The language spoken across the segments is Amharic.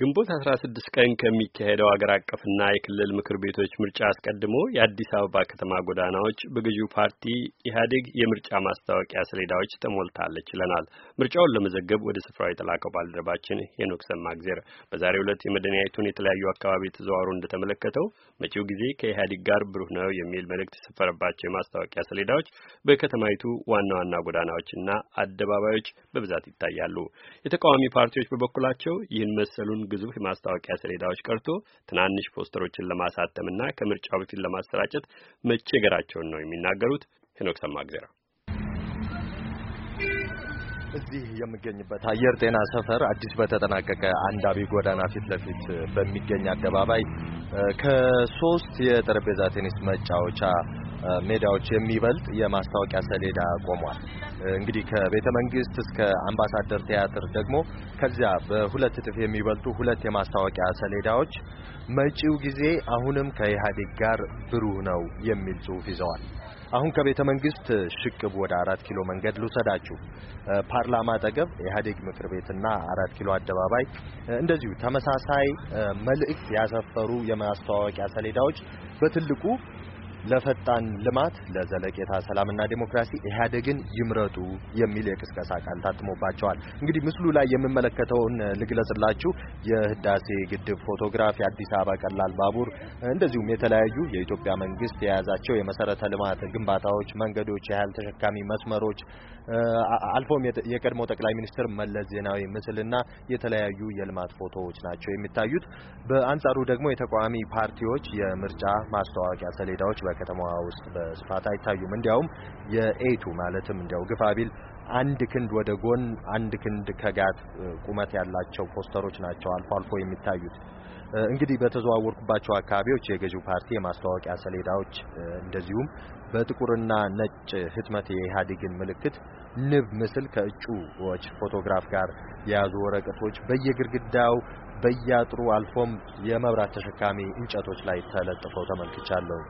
ግንቦት 16 ቀን ከሚካሄደው አገር አቀፍና የክልል ምክር ቤቶች ምርጫ አስቀድሞ የአዲስ አበባ ከተማ ጎዳናዎች በገዢው ፓርቲ ኢህአዴግ የምርጫ ማስታወቂያ ሰሌዳዎች ተሞልታለች ይለናል። ምርጫውን ለመዘገብ ወደ ስፍራው የተላከው ባልደረባችን ሄኖክ ሰማግዜር በዛሬው ዕለት የመዲናይቱን የተለያዩ አካባቢ ተዘዋውሮ እንደተመለከተው መጪው ጊዜ ከኢህአዴግ ጋር ብሩህ ነው የሚል መልእክት የሰፈረባቸው የማስታወቂያ ሰሌዳዎች በከተማይቱ ዋና ዋና ጎዳናዎችና አደባባዮች በብዛት ይታያሉ። የተቃዋሚ ፓርቲዎች በበኩላቸው ይህን መሰሉን ግዙፍ የማስታወቂያ ሰሌዳዎች ቀርቶ ትናንሽ ፖስተሮችን ለማሳተምና ከምርጫው በፊት ለማሰራጨት መቸገራቸውን ነው የሚናገሩት። ሄኖክ ሰማግዜራ እዚህ የምገኝበት አየር ጤና ሰፈር አዲስ በተጠናቀቀ አንዳቢ ጎዳና ፊት ለፊት በሚገኝ አደባባይ ከሶስት የጠረጴዛ ቴኒስ መጫወቻ ሜዳዎች የሚበልጥ የማስታወቂያ ሰሌዳ ቆሟል። እንግዲህ ከቤተ መንግስት እስከ አምባሳደር ቲያትር ደግሞ ከዚያ በሁለት እጥፍ የሚበልጡ ሁለት የማስታወቂያ ሰሌዳዎች መጪው ጊዜ አሁንም ከኢህአዴግ ጋር ብሩህ ነው የሚል ጽሑፍ ይዘዋል። አሁን ከቤተ መንግስት ሽቅብ ወደ አራት ኪሎ መንገድ ልውሰዳችሁ። ፓርላማ አጠገብ ኢህአዴግ ምክር ቤትና አራት ኪሎ አደባባይ እንደዚሁ ተመሳሳይ መልእክት ያሰፈሩ የማስታወቂያ ሰሌዳዎች በትልቁ ለፈጣን ልማት ለዘለቄታ ሰላምና ዴሞክራሲ ኢህአዴግን ይምረጡ የሚል የቅስቀሳ ቃል ታትሞባቸዋል። እንግዲህ ምስሉ ላይ የምመለከተውን ልግለጽላችሁ። የህዳሴ ግድብ ፎቶግራፍ፣ የአዲስ አበባ ቀላል ባቡር፣ እንደዚሁም የተለያዩ የኢትዮጵያ መንግስት የያዛቸው የመሰረተ ልማት ግንባታዎች፣ መንገዶች፣ የኃይል ተሸካሚ መስመሮች፣ አልፎም የቀድሞ ጠቅላይ ሚኒስትር መለስ ዜናዊ ምስልና የተለያዩ የልማት ፎቶዎች ናቸው የሚታዩት። በአንጻሩ ደግሞ የተቃዋሚ ፓርቲዎች የምርጫ ማስታወቂያ ሰሌዳዎች በከተማዋ ውስጥ በስፋት አይታዩም። እንዲያውም የኤቱ ማለትም እንዲያው ግፋቢል አንድ ክንድ ወደ ጎን፣ አንድ ክንድ ከጋት ቁመት ያላቸው ፖስተሮች ናቸው አልፎ አልፎ የሚታዩት። እንግዲህ በተዘዋወርኩባቸው አካባቢዎች የገዢው ፓርቲ የማስታወቂያ ሰሌዳዎች እንደዚሁም በጥቁርና ነጭ ህትመት የኢህአዴግን ምልክት፣ ንብ ምስል ከእጩዎች ፎቶግራፍ ጋር የያዙ ወረቀቶች በየግድግዳው በያጥሩ አልፎም የመብራት ተሸካሚ እንጨቶች ላይ ተለጥፈው ተመልክቻለሁ።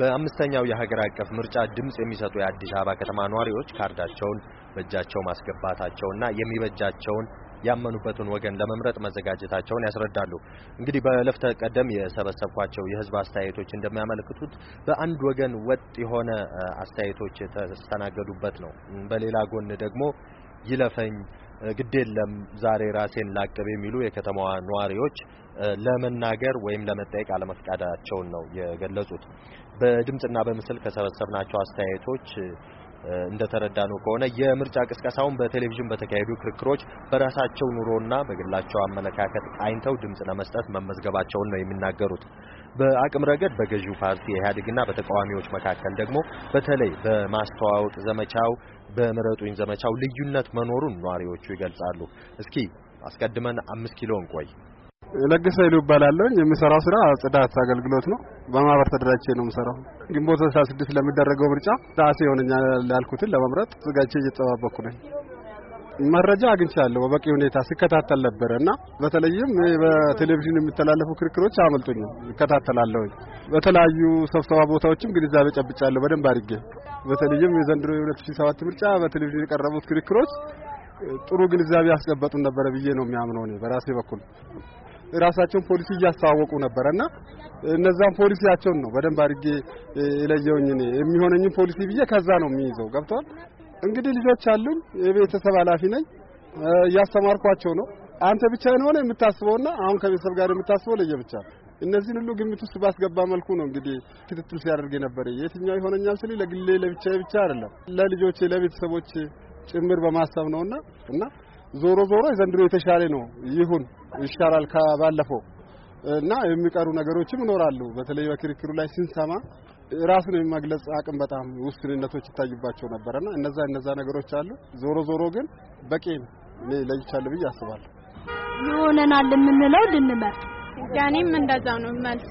በአምስተኛው የሀገር አቀፍ ምርጫ ድምፅ የሚሰጡ የአዲስ አበባ ከተማ ነዋሪዎች ካርዳቸውን በእጃቸው ማስገባታቸውና የሚበጃቸውን ያመኑበትን ወገን ለመምረጥ መዘጋጀታቸውን ያስረዳሉ። እንግዲህ በለፍተ ቀደም የሰበሰብኳቸው የህዝብ አስተያየቶች እንደሚያመለክቱት በአንድ ወገን ወጥ የሆነ አስተያየቶች የተስተናገዱበት ነው። በሌላ ጎን ደግሞ ይለፈኝ ግድ የለም ዛሬ ራሴን ላቅብ የሚሉ የከተማዋ ነዋሪዎች ለመናገር ወይም ለመጠየቅ አለመፍቃዳቸውን ነው የገለጹት። በድምፅና በምስል ከሰበሰብናቸው አስተያየቶች እንደተረዳነው ከሆነ የምርጫ ቅስቀሳውን በቴሌቪዥን በተካሄዱ ክርክሮች በራሳቸው ኑሮና በግላቸው አመለካከት ቃኝተው ድምጽ ለመስጠት መመዝገባቸውን ነው የሚናገሩት። በአቅም ረገድ በገዢው ፓርቲ ኢህአዴግና በተቃዋሚዎች መካከል ደግሞ በተለይ በማስተዋወቅ ዘመቻው በምረጡኝ ዘመቻው ልዩነት መኖሩን ነዋሪዎቹ ይገልጻሉ። እስኪ አስቀድመን አምስት ኪሎ እንቆይ። ለገሰ ይሉ እባላለሁ። የምሰራው ስራ ጽዳት አገልግሎት ነው። በማህበር ተደራጅቼ ነው የምሰራው። ግንቦት 16 ለሚደረገው ምርጫ ራሴ የሆነኛ ላልኩትን ለመምረጥ ዝጋቼ እየተጠባበቅኩ ነኝ። መረጃ አግኝቻለሁ በበቂ ሁኔታ ስከታተል ነበረ እና በተለይም በቴሌቪዥን የሚተላለፉ ክርክሮች አመልጡኝም እከታተላለሁ። በተለያዩ ስብሰባ ቦታዎችም ግንዛቤ ጨብጫለሁ በደንብ አድርጌ። በተለይም የዘንድሮ የ2007 ምርጫ በቴሌቪዥን የቀረቡት ክርክሮች ጥሩ ግንዛቤ ያስጨበጡን ነበረ ብዬ ነው የሚያምነው እኔ በራሴ በኩል ራሳቸውን ፖሊሲ እያስተዋወቁ ነበረ እና እነዛን ፖሊሲያቸውን ነው በደንብ አድርጌ የለየውኝ እኔ የሚሆነኝን ፖሊሲ ብዬ ከዛ ነው የሚይዘው ገብቷል። እንግዲህ ልጆች አሉኝ፣ የቤተሰብ ኃላፊ ነኝ፣ እያስተማርኳቸው ነው። አንተ ብቻህን ሆነ የምታስበውና አሁን ከቤተሰብ ጋር የምታስበው ለየ ብቻ። እነዚህን ሁሉ ግምት ውስጥ ባስገባ መልኩ ነው እንግዲህ ክትትል ሲያደርግ የነበረ። የትኛው ይሆነኛል ስል ለግሌ ለብቻዬ ብቻ አይደለም ለልጆቼ ለቤተሰቦች ጭምር በማሰብ ነውና እና ዞሮ ዞሮ ዘንድሮ የተሻለ ነው። ይሁን ይሻላል ከባለፈው እና የሚቀሩ ነገሮችም ይኖራሉ። በተለይ በክርክሩ ላይ ስንሰማ ራሱን የመግለጽ አቅም በጣም ውስንነቶች ይታይባቸው ነበረና እነዛ እነዛ ነገሮች አሉ። ዞሮ ዞሮ ግን በቂ ነው ለይቻለ ብዬ አስባለሁ። ይሆነናል የምንለው ልንመርጥ ያኔም እንደዛው ነው መልሴ።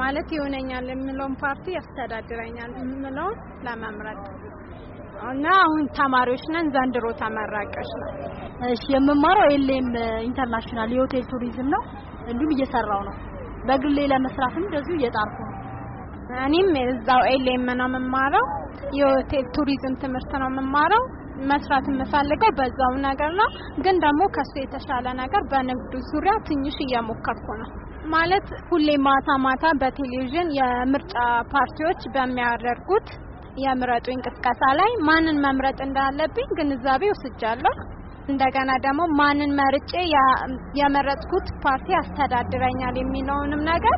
ማለት ይሆነኛል የምለውን ፓርቲ ያስተዳድረኛል የምለውን ለመምረጥ እና አሁን ተማሪዎች ነን፣ ዘንድሮ ተመራቂዎች ነው። እሺ የምማረው ኤልኤም ኢንተርናሽናል የሆቴል ቱሪዝም ነው። እንዲሁም እየሰራው ነው። በግሌ ለመስራትም እንደዚሁ እየጣርኩ ነው። እኔም እዛው ኤልኤም ነው የምማረው። የሆቴል ቱሪዝም ትምህርት ነው የምማረው። መስራት የምፈልገው በዛው ነገር ነው፣ ግን ደግሞ ከሱ የተሻለ ነገር በንግዱ ዙሪያ ትንሽ እየሞከርኩ ነው። ማለት ሁሌ ማታ ማታ በቴሌቪዥን የምርጫ ፓርቲዎች በሚያደርጉት የምረጡ እንቅስቃሴ ላይ ማንን መምረጥ እንዳለብኝ ግንዛቤ ወስጃለሁ። እንደገና ደግሞ ማንን መርጬ የመረጥኩት ፓርቲ ያስተዳድረኛል የሚለውንም ነገር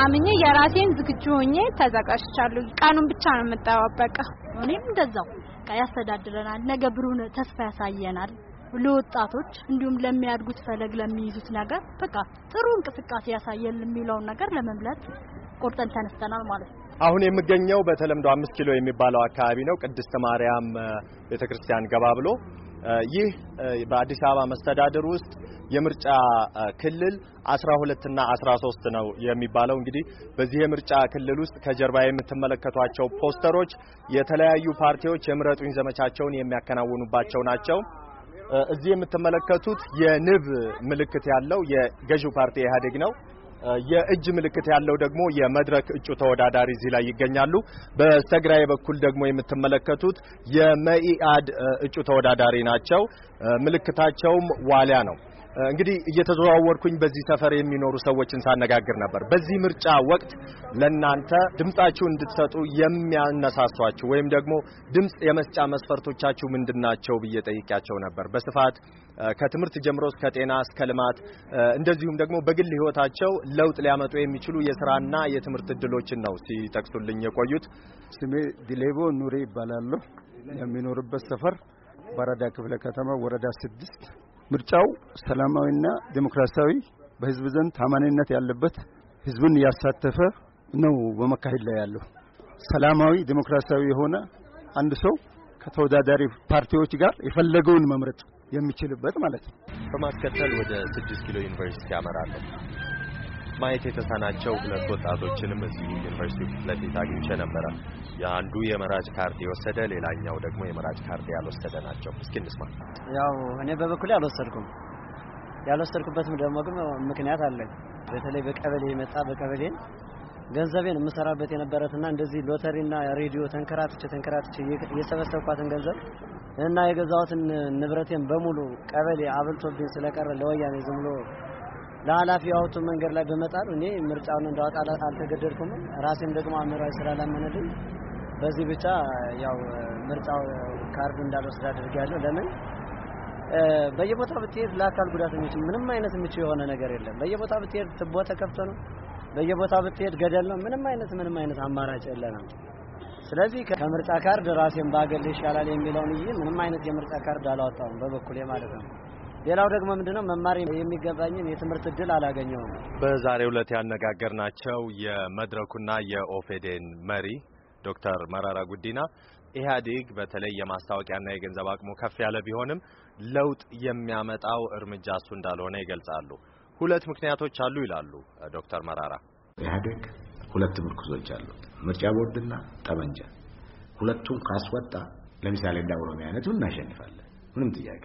አምኜ የራሴን ዝግጁ ሆኜ ተዘጋጅቻለሁ። ቀኑን ብቻ ነው የምጠባበቀው። እኔም እንደዛው ያስተዳድረናል፣ ነገ ብሩህ ተስፋ ያሳየናል። ለወጣቶች እንዲሁም ለሚያድጉት ፈለግ ለሚይዙት ነገር በቃ ጥሩ እንቅስቃሴ ያሳየል የሚለውን ነገር ለመምለጥ ቆርጠን ተነስተናል ማለት ነው። አሁን የምገኘው በተለምዶ አምስት ኪሎ የሚባለው አካባቢ ነው። ቅድስት ማርያም ቤተክርስቲያን ገባ ብሎ ይህ በአዲስ አበባ መስተዳድር ውስጥ የምርጫ ክልል 12 እና 13 ነው የሚባለው። እንግዲህ በዚህ የምርጫ ክልል ውስጥ ከጀርባ የምትመለከቷቸው ፖስተሮች የተለያዩ ፓርቲዎች የምረጡኝ ዘመቻቸውን የሚያከናውኑባቸው ናቸው። እዚህ የምትመለከቱት የንብ ምልክት ያለው የገዢው ፓርቲ ኢህአዴግ ነው። የእጅ ምልክት ያለው ደግሞ የመድረክ እጩ ተወዳዳሪ እዚህ ላይ ይገኛሉ። በስተግራዬ በኩል ደግሞ የምትመለከቱት የመኢአድ እጩ ተወዳዳሪ ናቸው። ምልክታቸውም ዋሊያ ነው። እንግዲህ እየተዘዋወርኩኝ በዚህ ሰፈር የሚኖሩ ሰዎችን ሳነጋግር ነበር። በዚህ ምርጫ ወቅት ለናንተ ድምጻችሁን እንድትሰጡ የሚያነሳሷችሁ ወይም ደግሞ ድምጽ የመስጫ መስፈርቶቻችሁ ምንድናቸው ብዬ ጠይቄያቸው ነበር። በስፋት ከትምህርት ጀምሮ እስከ ጤና፣ እስከ ልማት እንደዚሁም ደግሞ በግል ህይወታቸው ለውጥ ሊያመጡ የሚችሉ የስራና የትምህርት እድሎችን ነው ሲጠቅሱልኝ የቆዩት። ስሜ ዲሌቦ ኑሬ ይባላለሁ። የሚኖርበት ሰፈር ባራዳ ክፍለ ከተማ ወረዳ ስድስት ምርጫው ሰላማዊና ዴሞክራሲያዊ በህዝብ ዘንድ ታማኒነት ያለበት ህዝብን ያሳተፈ ነው በመካሄድ ላይ ያለው። ሰላማዊ ዴሞክራሲያዊ የሆነ አንድ ሰው ከተወዳዳሪ ፓርቲዎች ጋር የፈለገውን መምረጥ የሚችልበት ማለት ነው። በማስከተል ወደ ስድስት ኪሎ ዩኒቨርሲቲ አመራለሁ። ማየት የተሳናቸው ሁለት ወጣቶችንም እዚሁ ዩኒቨርሲቲ ፊት ለፊት አግኝቼ ነበረ። የአንዱ የመራጭ ካርድ የወሰደ ሌላኛው ደግሞ የመራጭ ካርድ ያልወሰደ ናቸው። እስኪ እንስማ። ያው እኔ በበኩሌ አልወሰድኩም። ያልወሰድኩበትም ደግሞ ግን ምክንያት አለኝ። በተለይ በቀበሌ የመጣ በቀበሌ ገንዘቤን የምሰራበት የነበረትና እንደዚህ ሎተሪና ሬዲዮ ተንከራትቼ ተንከራትቼ የሰበሰብኳትን ገንዘብ እና የገዛሁትን ንብረቴን በሙሉ ቀበሌ አብልቶብኝ ስለቀረ ለወያኔ ዝም ብሎ ለኃላፊ አውቶ መንገድ ላይ በመጣሉ እኔ ምርጫውን እንዳወጣ አልተገደድኩም። ራሴም ደግሞ አእምሯዊ ስላላመነልኝ በዚህ ብቻ ያው ምርጫው ካርዱ እንዳልወስድ አድርጌያለሁ። ለምን በየቦታው ብትሄድ ለአካል ጉዳተኞች ምንም አይነት ምቹ የሆነ ነገር የለም። በየቦታው ብትሄድ ትቦ ተከፍቶ ነው። በየቦታው ብትሄድ ገደል ነው። ምንም አይነት ምንም አይነት አማራጭ የለንም። ስለዚህ ከምርጫ ካርድ ራሴን ባገል ይሻላል የሚለውን ይዤ ምንም አይነት የምርጫ ካርድ አላወጣውም በበኩሌ ማለት ነው። ሌላው ደግሞ ምንድነው መማር የሚገባኝን የትምህርት እድል አላገኘውም። በዛሬው ዕለት ያነጋገርናቸው የመድረኩና የኦፌዴን መሪ ዶክተር መረራ ጉዲና ኢህአዴግ በተለይ የማስታወቂያና የገንዘብ አቅሙ ከፍ ያለ ቢሆንም ለውጥ የሚያመጣው እርምጃ እሱ እንዳልሆነ ይገልጻሉ። ሁለት ምክንያቶች አሉ ይላሉ ዶክተር መራራ። ኢህአዴግ ሁለት ምርኩዞች አሉ፣ ምርጫ ቦርድና ጠመንጃ። ሁለቱም ካስወጣ ለምሳሌ እንደ ኦሮሚያ እናሸንፋለን፣ ምንም ጥያቄ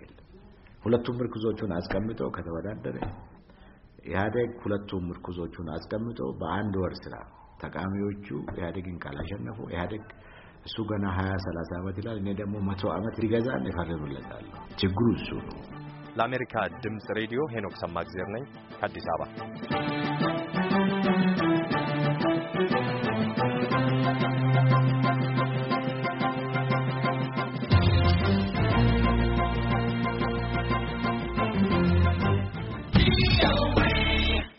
ሁለቱም ምርኩዞቹን አስቀምጦ ከተወዳደረ ኢህአዴግ ሁለቱም ምርኩዞቹን አስቀምጦ በአንድ ወር ስራ ተቃሚዎቹ ኢህአዴግን ካላሸነፉ ኢህአዴግ እሱ ገና 20 30 ዓመት ይላል፣ እኔ ደግሞ መቶ ዓመት ሊገዛን ይፈርምለታል። ችግሩ እሱ ነው። ለአሜሪካ ድምፅ ሬዲዮ ሄኖክ ሰማግዜር ነኝ ከአዲስ አበባ